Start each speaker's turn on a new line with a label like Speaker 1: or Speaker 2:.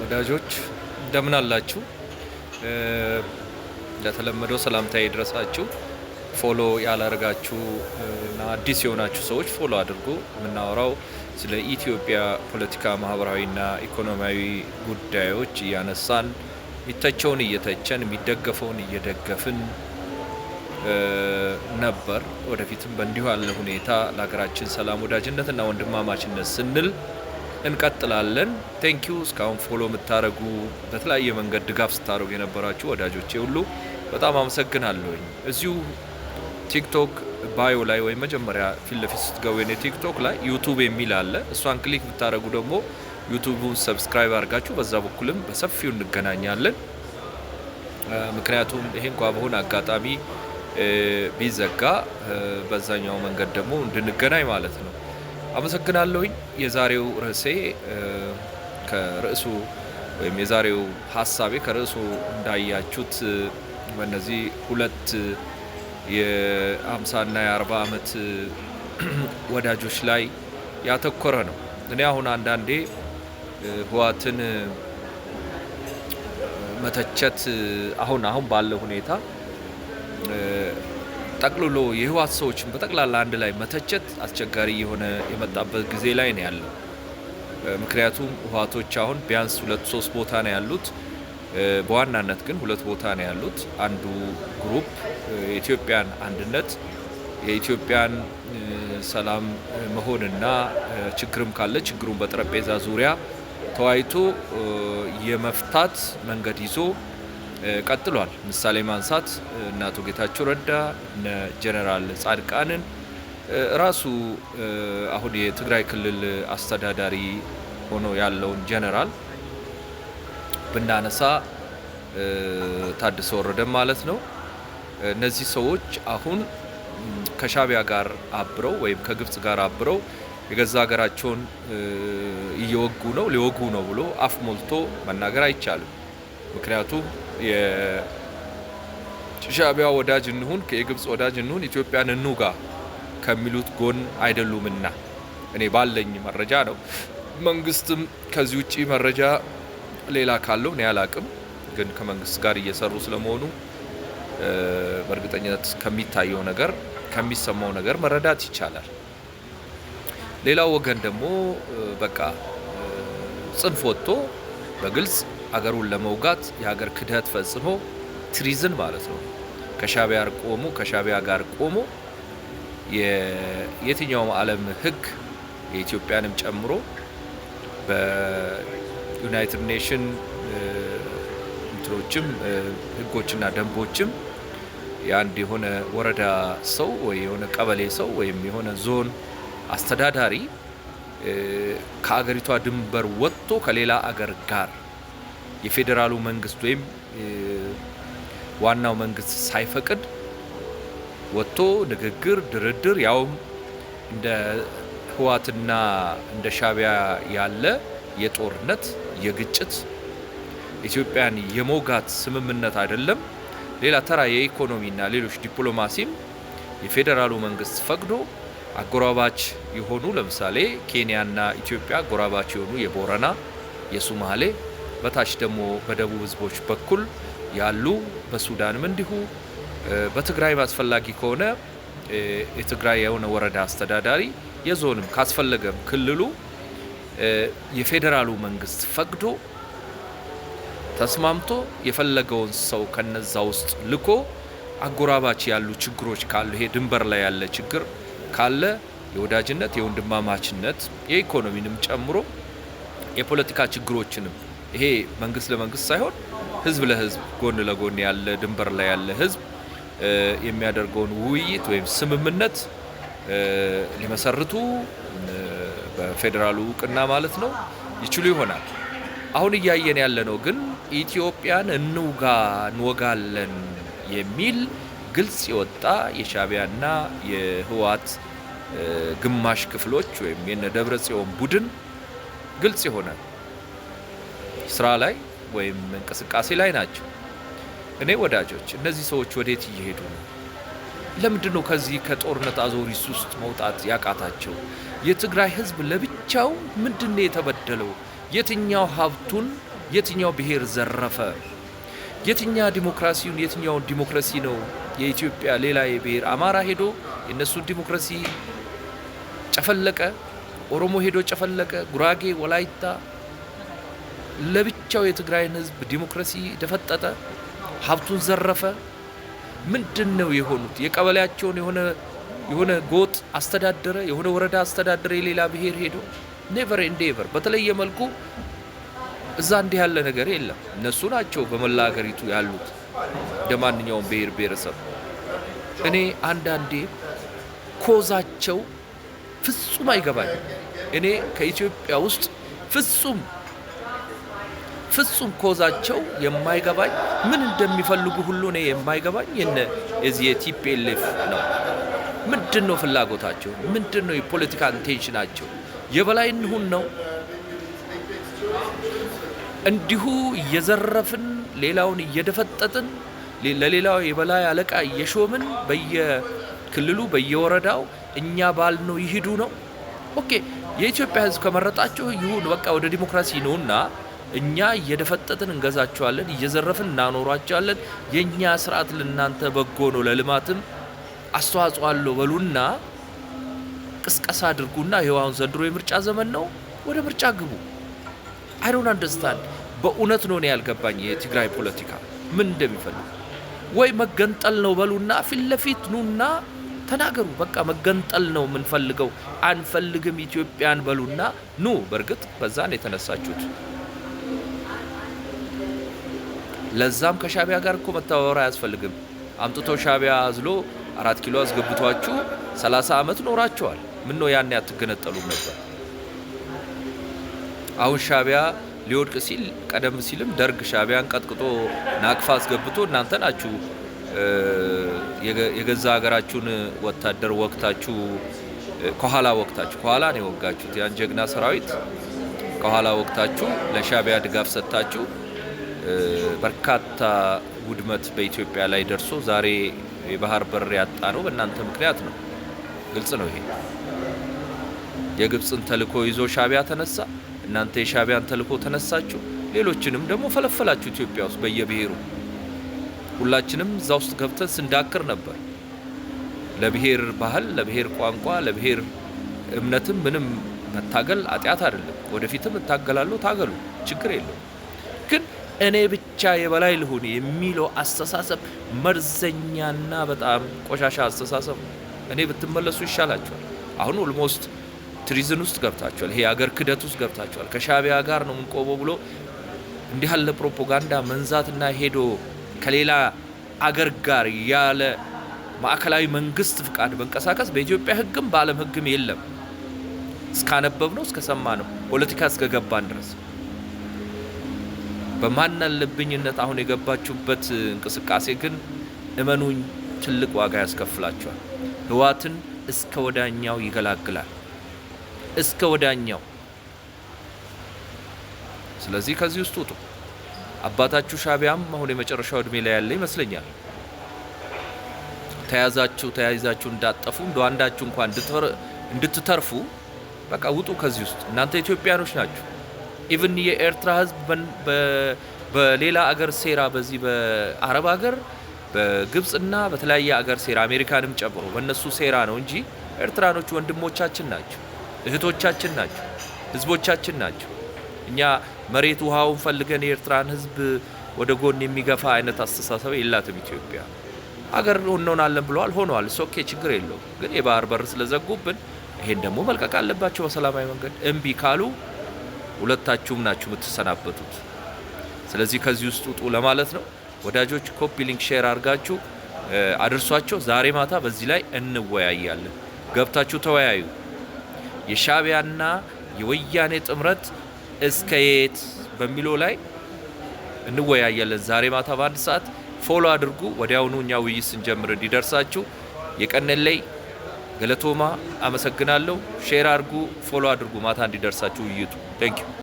Speaker 1: ወዳጆች እንደምን አላችሁ? ለተለመደው ሰላምታዬ ይድረሳችሁ። ፎሎ ያላርጋችሁ እና አዲስ የሆናችሁ ሰዎች ፎሎ አድርጉ። የምናወራው ስለ ኢትዮጵያ ፖለቲካ፣ ማህበራዊና ኢኮኖሚያዊ ጉዳዮች እያነሳን የሚተቸውን እየተቸን የሚደገፈውን እየደገፍን ነበር። ወደፊትም በእንዲሁ ያለ ሁኔታ ለሀገራችን ሰላም፣ ወዳጅነት እና ወንድማማችነት ስንል እንቀጥላለን። ቴንኪዩ እስካሁን ፎሎ የምታደረጉ በተለያየ መንገድ ድጋፍ ስታደረጉ የነበራችሁ ወዳጆቼ ሁሉ በጣም አመሰግናለሁኝ። እዚሁ ቲክቶክ ባዮ ላይ ወይም መጀመሪያ ፊት ለፊት ስትገቡ የኔ ቲክቶክ ላይ ዩቱብ የሚል አለ። እሷን ክሊክ ብታደረጉ ደግሞ ዩቱቡን ሰብስክራይብ አድርጋችሁ በዛ በኩልም በሰፊው እንገናኛለን። ምክንያቱም ይሄ እንኳ በሆነ አጋጣሚ ቢዘጋ በዛኛው መንገድ ደግሞ እንድንገናኝ ማለት ነው። አመሰግናለሁኝ። የዛሬው ርዕሴ ከርዕሱ ወይም የዛሬው ሀሳቤ ከርዕሱ እንዳያችሁት በእነዚህ ሁለት የአምሳና የአርባ ዓመት ወዳጆች ላይ ያተኮረ ነው። እኔ አሁን አንዳንዴ ህወሓትን መተቸት አሁን አሁን ባለው ሁኔታ ጠቅልሎ የህወሓት ሰዎችን በጠቅላላ አንድ ላይ መተቸት አስቸጋሪ የሆነ የመጣበት ጊዜ ላይ ነው ያለው። ምክንያቱም ህወሓቶች አሁን ቢያንስ ሁለት ሶስት ቦታ ነው ያሉት። በዋናነት ግን ሁለት ቦታ ነው ያሉት። አንዱ ግሩፕ የኢትዮጵያን አንድነት የኢትዮጵያን ሰላም መሆንና ችግርም ካለ ችግሩን በጠረጴዛ ዙሪያ ተወያይቶ የመፍታት መንገድ ይዞ ቀጥሏል። ምሳሌ ማንሳት እነ አቶ ጌታቸው ረዳ እነ ጀነራል ጻድቃንን ራሱ አሁን የትግራይ ክልል አስተዳዳሪ ሆኖ ያለውን ጀነራል ብናነሳ ታደሰ ወረደም ማለት ነው። እነዚህ ሰዎች አሁን ከሻቢያ ጋር አብረው ወይም ከግብጽ ጋር አብረው የገዛ ሀገራቸውን እየወጉ ነው ሊወጉ ነው ብሎ አፍ ሞልቶ መናገር አይቻልም። ምክንያቱም የሻቢያ ወዳጅ እንሁን፣ የግብጽ ወዳጅ እንሁን፣ ኢትዮጵያን እንውጋ ከሚሉት ጎን አይደሉምና እኔ ባለኝ መረጃ ነው። መንግስትም ከዚህ ውጭ መረጃ ሌላ ካለው እኔ አላቅም፣ ግን ከመንግስት ጋር እየሰሩ ስለመሆኑ በእርግጠኝነት ከሚታየው ነገር ከሚሰማው ነገር መረዳት ይቻላል። ሌላው ወገን ደግሞ በቃ ጽንፍ ወጥቶ በግልጽ ሀገሩን ለመውጋት የሀገር ክደት ፈጽሞ ትሪዝን ማለት ነው ከሻቢያ ቆሞ ከሻቢያ ጋር ቆሞ የየትኛውም ዓለም ህግ የኢትዮጵያንም ጨምሮ በዩናይትድ ኔሽን እንትኖችም ህጎችና ደንቦችም የአንድ የሆነ ወረዳ ሰው ወይ የሆነ ቀበሌ ሰው ወይም የሆነ ዞን አስተዳዳሪ ከአገሪቷ ድንበር ወጥቶ ከሌላ አገር ጋር የፌዴራሉ መንግስት ወይም ዋናው መንግስት ሳይፈቅድ ወጥቶ ንግግር፣ ድርድር ያውም እንደ ህወሓትና እንደ ሻቢያ ያለ የጦርነት የግጭት ኢትዮጵያን የሞጋት ስምምነት አይደለም። ሌላ ተራ የኢኮኖሚና ሌሎች ዲፕሎማሲም የፌዴራሉ መንግስት ፈቅዶ አጎራባች የሆኑ ለምሳሌ ኬንያና ኢትዮጵያ አጎራባች የሆኑ የቦረና የሱማሌ በታች ደግሞ በደቡብ ህዝቦች በኩል ያሉ በሱዳንም እንዲሁ በትግራይም አስፈላጊ ከሆነ የትግራይ የሆነ ወረዳ አስተዳዳሪ የዞንም ካስፈለገም ክልሉ የፌዴራሉ መንግስት ፈቅዶ ተስማምቶ የፈለገውን ሰው ከነዛ ውስጥ ልኮ አጎራባች ያሉ ችግሮች ካሉ ይሄ ድንበር ላይ ያለ ችግር ካለ የወዳጅነት የወንድማማችነት የኢኮኖሚንም ጨምሮ የፖለቲካ ችግሮችንም ይሄ መንግስት ለመንግስት ሳይሆን ህዝብ ለህዝብ ጎን ለጎን ያለ ድንበር ላይ ያለ ህዝብ የሚያደርገውን ውይይት ወይም ስምምነት ሊመሰርቱ በፌዴራሉ እውቅና ማለት ነው ይችሉ ይሆናል። አሁን እያየን ያለ ነው ግን ኢትዮጵያን እንውጋ እንወጋለን የሚል ግልጽ የወጣ የሻቢያና የህወሓት ግማሽ ክፍሎች ወይም የነ ደብረ ጽዮን ቡድን ግልጽ ይሆናል። ስራ ላይ ወይም እንቅስቃሴ ላይ ናቸው። እኔ ወዳጆች፣ እነዚህ ሰዎች ወዴት እየሄዱ ነው? ለምንድን ነው ከዚህ ከጦርነት አዞሪስ ውስጥ መውጣት ያቃታቸው? የትግራይ ህዝብ ለብቻው ምንድን ነው የተበደለው? የትኛው ሀብቱን የትኛው ብሔር ዘረፈ? የትኛ ዲሞክራሲውን የትኛውን ዲሞክራሲ ነው የኢትዮጵያ ሌላ የብሔር አማራ ሄዶ የእነሱን ዲሞክራሲ ጨፈለቀ? ኦሮሞ ሄዶ ጨፈለቀ? ጉራጌ፣ ወላይታ ለብቻው የትግራይን ህዝብ ዲሞክራሲ ደፈጠጠ፣ ሀብቱን ዘረፈ። ምንድን ነው የሆኑት? የቀበሌያቸውን የሆነ የሆነ ጎጥ አስተዳደረ፣ የሆነ ወረዳ አስተዳደረ፣ የሌላ ብሔር ሄዶ ኔቨር ኤንድ ኤቨር። በተለየ መልኩ እዛ እንዲህ ያለ ነገር የለም። እነሱ ናቸው በመላ ሀገሪቱ ያሉት እንደ ማንኛውም ብሔር ብሔረሰብ። እኔ አንዳንዴ ኮዛቸው ፍጹም አይገባኝ። እኔ ከኢትዮጵያ ውስጥ ፍጹም ፍጹም ኮዛቸው የማይገባኝ ምን እንደሚፈልጉ ሁሉ እኔ የማይገባኝ የነ የዚህ የቲፒኤልኤፍ ነው። ምንድን ነው ፍላጎታቸው? ምንድን ነው የፖለቲካ ኢንቴንሽናቸው? የበላይ እንሁን ነው? እንዲሁ እየዘረፍን ሌላውን እየደፈጠጥን ለሌላው የበላይ አለቃ እየሾምን በየክልሉ በየወረዳው እኛ ባልነው ይሂዱ ነው። ኦኬ የኢትዮጵያ ሕዝብ ከመረጣችሁ ይሁን፣ በቃ ወደ ዲሞክራሲ ነውና እኛ እየደፈጠጥን እንገዛቸዋለን፣ እየዘረፍን እናኖሯቸዋለን። የእኛ ስርዓት ለእናንተ በጎ ነው፣ ለልማትም አስተዋጽኦ አለው በሉና ቅስቀሳ አድርጉና ይኸዋውን ዘንድሮ የምርጫ ዘመን ነው፣ ወደ ምርጫ ግቡ። አይዶን አንደርስታንድ በእውነት ነው እኔ ያልገባኝ የትግራይ ፖለቲካ ምን እንደሚፈልግ ወይ መገንጠል ነው በሉና ፊት ለፊት ኑና ተናገሩ። በቃ መገንጠል ነው የምንፈልገው፣ አንፈልግም ኢትዮጵያን በሉና ኑ። በእርግጥ በዛን የተነሳችሁት ለዛም ከሻቢያ ጋር እኮ መተባበር አያስፈልግም። አምጥቶ ሻቢያ አዝሎ አራት ኪሎ አስገብቷችሁ 30 ዓመት ኖራቸዋል። ምን ነው ያኔ አትገነጠሉም ነበር? አሁን ሻቢያ ሊወድቅ ሲል ቀደም ሲልም ደርግ ሻቢያን ቀጥቅጦ ናቅፋ አስገብቶ እናንተ ናችሁ የገዛ ሀገራችሁን ወታደር ወቅታችሁ ከኋላ ወቅታችሁ ከኋላ ነው የወጋችሁት። ያን ጀግና ሰራዊት ከኋላ ወቅታችሁ ለሻቢያ ድጋፍ ሰጥታችሁ በርካታ ውድመት በኢትዮጵያ ላይ ደርሶ ዛሬ የባህር በር ያጣ ነው በእናንተ ምክንያት ነው። ግልጽ ነው። ይሄ የግብፅን ተልእኮ ይዞ ሻቢያ ተነሳ፣ እናንተ የሻቢያን ተልእኮ ተነሳችሁ፣ ሌሎችንም ደግሞ ፈለፈላችሁ። ኢትዮጵያ ውስጥ በየብሔሩ ሁላችንም እዛ ውስጥ ገብተን ስንዳክር ነበር። ለብሔር ባህል፣ ለብሔር ቋንቋ፣ ለብሔር እምነትም ምንም መታገል አጢአት አይደለም። ወደፊትም እታገላለሁ፣ ታገሉ፣ ችግር የለው ግን እኔ ብቻ የበላይ ልሁን የሚለው አስተሳሰብ መርዘኛና በጣም ቆሻሻ አስተሳሰብ ነው። እኔ ብትመለሱ ይሻላቸዋል። አሁን ኦልሞስት ትሪዝን ውስጥ ገብታችኋል። ይሄ የአገር ክደት ውስጥ ገብታችኋል። ከሻቢያ ጋር ነው የምንቆመው ብሎ እንዲህ ያለ ፕሮፓጋንዳ መንዛትና ሄዶ ከሌላ አገር ጋር ያለ ማዕከላዊ መንግስት ፍቃድ መንቀሳቀስ በኢትዮጵያ ህግም በዓለም ህግም የለም። እስካነበብ ነው እስከሰማ ነው ፖለቲካ እስከገባን ድረስ በማናለብኝነት አሁን የገባችሁበት እንቅስቃሴ ግን እመኑኝ ትልቅ ዋጋ ያስከፍላችኋል። ህወሓትን እስከ ወዳኛው ይገላግላል፣ እስከ ወዳኛው። ስለዚህ ከዚህ ውስጥ ውጡ። አባታችሁ ሻቢያም አሁን የመጨረሻው እድሜ ላይ ያለ ይመስለኛል። ተያዛችሁ ተያይዛችሁ እንዳጠፉ እንደ አንዳችሁ እንኳን እንድትተርፉ በቃ ውጡ ከዚህ ውስጥ። እናንተ ኢትዮጵያኖች ናችሁ። ኢቨን የኤርትራ ህዝብ በሌላ አገር ሴራ በዚህ በአረብ አገር በግብፅና በተለያየ አገር ሴራ አሜሪካንም ጨምሮ በእነሱ ሴራ ነው እንጂ ኤርትራኖች ወንድሞቻችን ናቸው፣ እህቶቻችን ናቸው፣ ህዝቦቻችን ናቸው። እኛ መሬት ውሃውን ፈልገን የኤርትራን ህዝብ ወደ ጎን የሚገፋ አይነት አስተሳሰብ የላትም ኢትዮጵያ። አገር እንሆናለን ብለዋል፣ ሆኗል ሶኬ ችግር የለውም። ግን የባህር በር ስለዘጉብን ይሄን ደግሞ መልቀቅ አለባቸው በሰላማዊ መንገድ። እምቢ ካሉ ሁለታችሁም ናችሁ የምትሰናበቱት። ስለዚህ ከዚህ ውስጥ ውጡ ለማለት ነው። ወዳጆች ኮፒ ሊንክ ሼር አድርጋችሁ አድርሷቸው። ዛሬ ማታ በዚህ ላይ እንወያያለን። ገብታችሁ ተወያዩ። የሻቢያና የወያኔ ጥምረት እስከ የት በሚለው ላይ እንወያያለን። ዛሬ ማታ በአንድ ሰዓት ፎሎ አድርጉ። ወዲያውኑ እኛ ውይይት ስንጀምር እንዲደርሳችሁ የቀነለይ ገለቶማ አመሰግናለሁ። ሼር አድርጉ፣ ፎሎ አድርጉ። ማታ እንዲደርሳችሁ ውይይቱ። ዩ